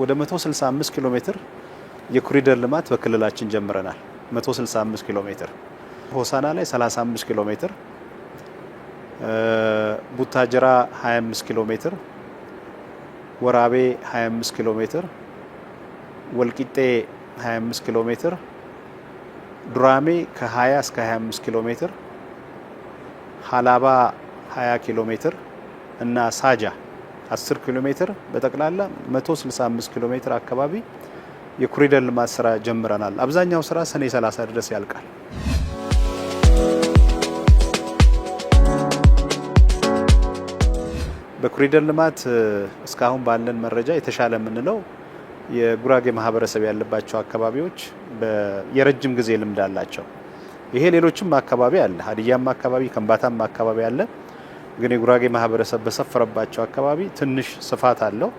ወደ 165 ኪሎ ሜትር የኮሪደር ልማት በክልላችን ጀምረናል። 165 ኪሎ ሜትር ሆሳና ላይ 35 ኪሎ ሜትር፣ ቡታጅራ 25 ኪሎ ሜትር፣ ወራቤ 25 ኪሎ ሜትር፣ ወልቂጤ 25 ኪሎ ሜትር፣ ዱራሜ ከ20 እስከ 25 ኪሎ ሜትር፣ ሀላባ 20 ኪሎ ሜትር እና ሳጃ 10 ኪሎ ሜትር በጠቅላላ 165 ኪሎ ሜትር አካባቢ የኮሪደር ልማት ስራ ጀምረናል። አብዛኛው ስራ ሰኔ 30 ድረስ ያልቃል። በኮሪደር ልማት እስካሁን ባለን መረጃ የተሻለ የምንለው የጉራጌ ማህበረሰብ ያለባቸው አካባቢዎች የረጅም ጊዜ ልምድ አላቸው። ይሄ ሌሎችም አካባቢ አለ፣ ሀዲያም አካባቢ፣ ከምባታም አካባቢ አለ። ግን የጉራጌ ማህበረሰብ በሰፈረባቸው አካባቢ ትንሽ ስፋት አለው።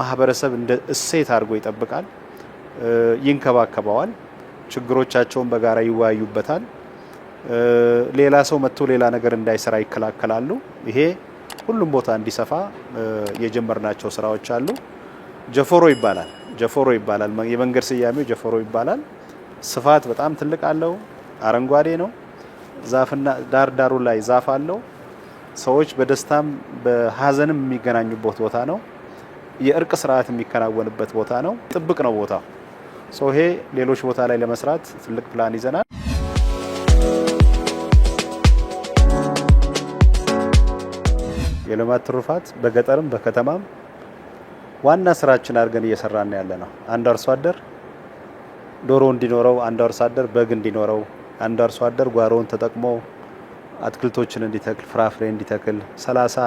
ማህበረሰብ እንደ እሴት አድርጎ ይጠብቃል፣ ይንከባከበዋል፣ ችግሮቻቸውን በጋራ ይወያዩበታል። ሌላ ሰው መጥቶ ሌላ ነገር እንዳይሰራ ይከላከላሉ። ይሄ ሁሉም ቦታ እንዲሰፋ የጀመርናቸው ስራዎች አሉ። ጀፎሮ ይባላል ጀፎሮ ይባላል የመንገድ ስያሜው ጀፎሮ ይባላል። ስፋት በጣም ትልቅ አለው። አረንጓዴ ነው። ዛፍና ዳር ዳሩ ላይ ዛፍ አለው። ሰዎች በደስታም በሀዘንም የሚገናኙበት ቦታ ነው። የእርቅ ስርዓት የሚከናወንበት ቦታ ነው። ጥብቅ ነው ቦታው። ይሄ ሌሎች ቦታ ላይ ለመስራት ትልቅ ፕላን ይዘናል። የልማት ትሩፋት በገጠርም በከተማም ዋና ስራችን አድርገን እየሰራን ያለ ነው። አንድ አርሶ አደር ዶሮ እንዲኖረው፣ አንድ አርሶ አደር በግ እንዲኖረው አንዱ አርሶ አደር ጓሮውን ተጠቅሞ አትክልቶችን እንዲተክል ፍራፍሬ እንዲተክል 30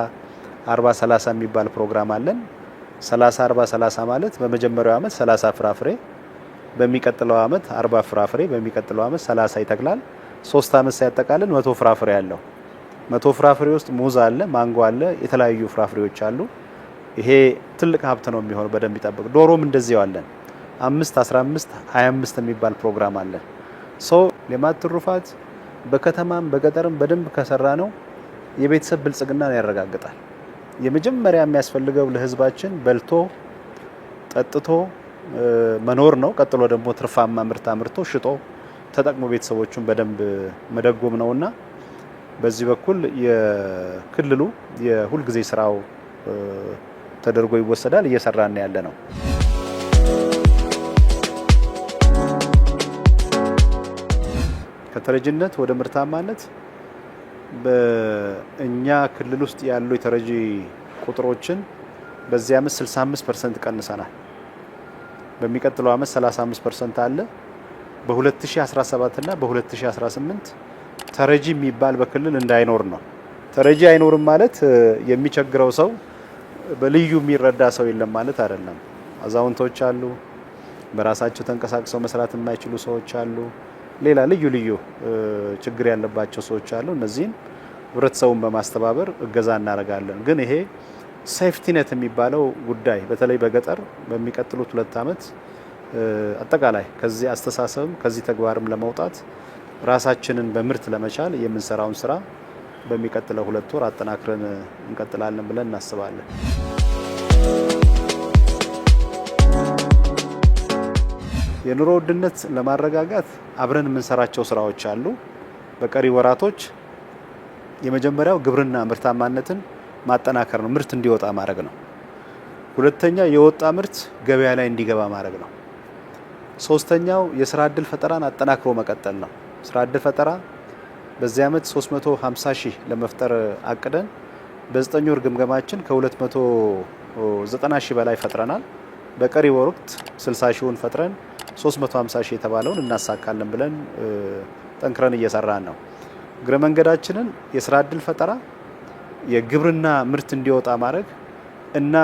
40 30 የሚባል ፕሮግራም አለን። 30 40 30 ማለት በመጀመሪያው አመት 30 ፍራፍሬ፣ በሚቀጥለው አመት 40 ፍራፍሬ፣ በሚቀጥለው አመት 30 ይተክላል። ሶስት አመት ሲያጠቃልል መቶ ፍራፍሬ አለው። መቶ ፍራፍሬ ውስጥ ሙዝ አለ፣ ማንጎ አለ፣ የተለያዩ ፍራፍሬዎች አሉ። ይሄ ትልቅ ሀብት ነው የሚሆነው። በደንብ ይጠብቅ። ዶሮም እንደዚያው አለን። 5 15 25 የሚባል ፕሮግራም አለን። ሰው ልማት ትሩፋት በከተማም በገጠርም በደንብ ከሰራ ነው የቤተሰብ ብልጽግናን ያረጋግጣል። የመጀመሪያ የሚያስፈልገው ለህዝባችን በልቶ ጠጥቶ መኖር ነው። ቀጥሎ ደግሞ ትርፋማ ምርት አምርቶ ሽጦ ተጠቅሞ ቤተሰቦቹን በደንብ መደጎም ነውና በዚህ በኩል የክልሉ የሁልጊዜ ስራው ተደርጎ ይወሰዳል። እየሰራን ያለ ነው። ከተረጅነት ወደ ምርታማነት በእኛ ክልል ውስጥ ያሉ የተረጂ ቁጥሮችን በዚህ አመት 65 ፐርሰንት ቀንሰናል። በሚቀጥለው አመት 35 ፐርሰንት አለ። በ2017 እና በ2018 ተረጂ የሚባል በክልል እንዳይኖር ነው። ተረጂ አይኖርም ማለት የሚቸግረው ሰው በልዩ የሚረዳ ሰው የለም ማለት አይደለም። አዛውንቶች አሉ። በራሳቸው ተንቀሳቅሰው መስራት የማይችሉ ሰዎች አሉ። ሌላ ልዩ ልዩ ችግር ያለባቸው ሰዎች አሉ። እነዚህን ህብረተሰቡን በማስተባበር እገዛ እናደርጋለን። ግን ይሄ ሴፍቲነት የሚባለው ጉዳይ በተለይ በገጠር በሚቀጥሉት ሁለት ዓመት አጠቃላይ ከዚህ አስተሳሰብም ከዚህ ተግባርም ለመውጣት ራሳችንን በምርት ለመቻል የምንሰራውን ስራ በሚቀጥለው ሁለት ወር አጠናክረን እንቀጥላለን ብለን እናስባለን። የኑሮ ውድነት ለማረጋጋት አብረን የምንሰራቸው ስራዎች አሉ። በቀሪ ወራቶች የመጀመሪያው ግብርና ምርታማነትን ማጠናከር ነው፣ ምርት እንዲወጣ ማድረግ ነው። ሁለተኛ የወጣ ምርት ገበያ ላይ እንዲገባ ማድረግ ነው። ሶስተኛው የስራ እድል ፈጠራን አጠናክሮ መቀጠል ነው። ስራ እድል ፈጠራ በዚህ ዓመት 350 ሺህ ለመፍጠር አቅደን በዘጠኝ ወር ግምገማችን ከ290 ሺህ በላይ ፈጥረናል። በቀሪ ወቅት 60 ሺውን ፈጥረን 350 ሺህ የተባለውን እናሳካለን ብለን ጠንክረን እየሰራን ነው። እግረ መንገዳችንን የስራ እድል ፈጠራ፣ የግብርና ምርት እንዲወጣ ማድረግ እና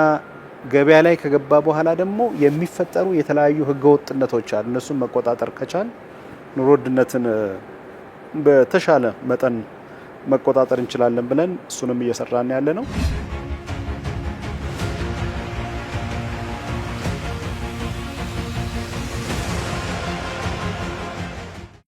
ገበያ ላይ ከገባ በኋላ ደግሞ የሚፈጠሩ የተለያዩ ወጥነቶች አሉ። እነሱን መቆጣጠር ከቻል ኑሮ ውድነትን በተሻለ መጠን መቆጣጠር እንችላለን ብለን እሱንም እየሰራን ያለ ነው።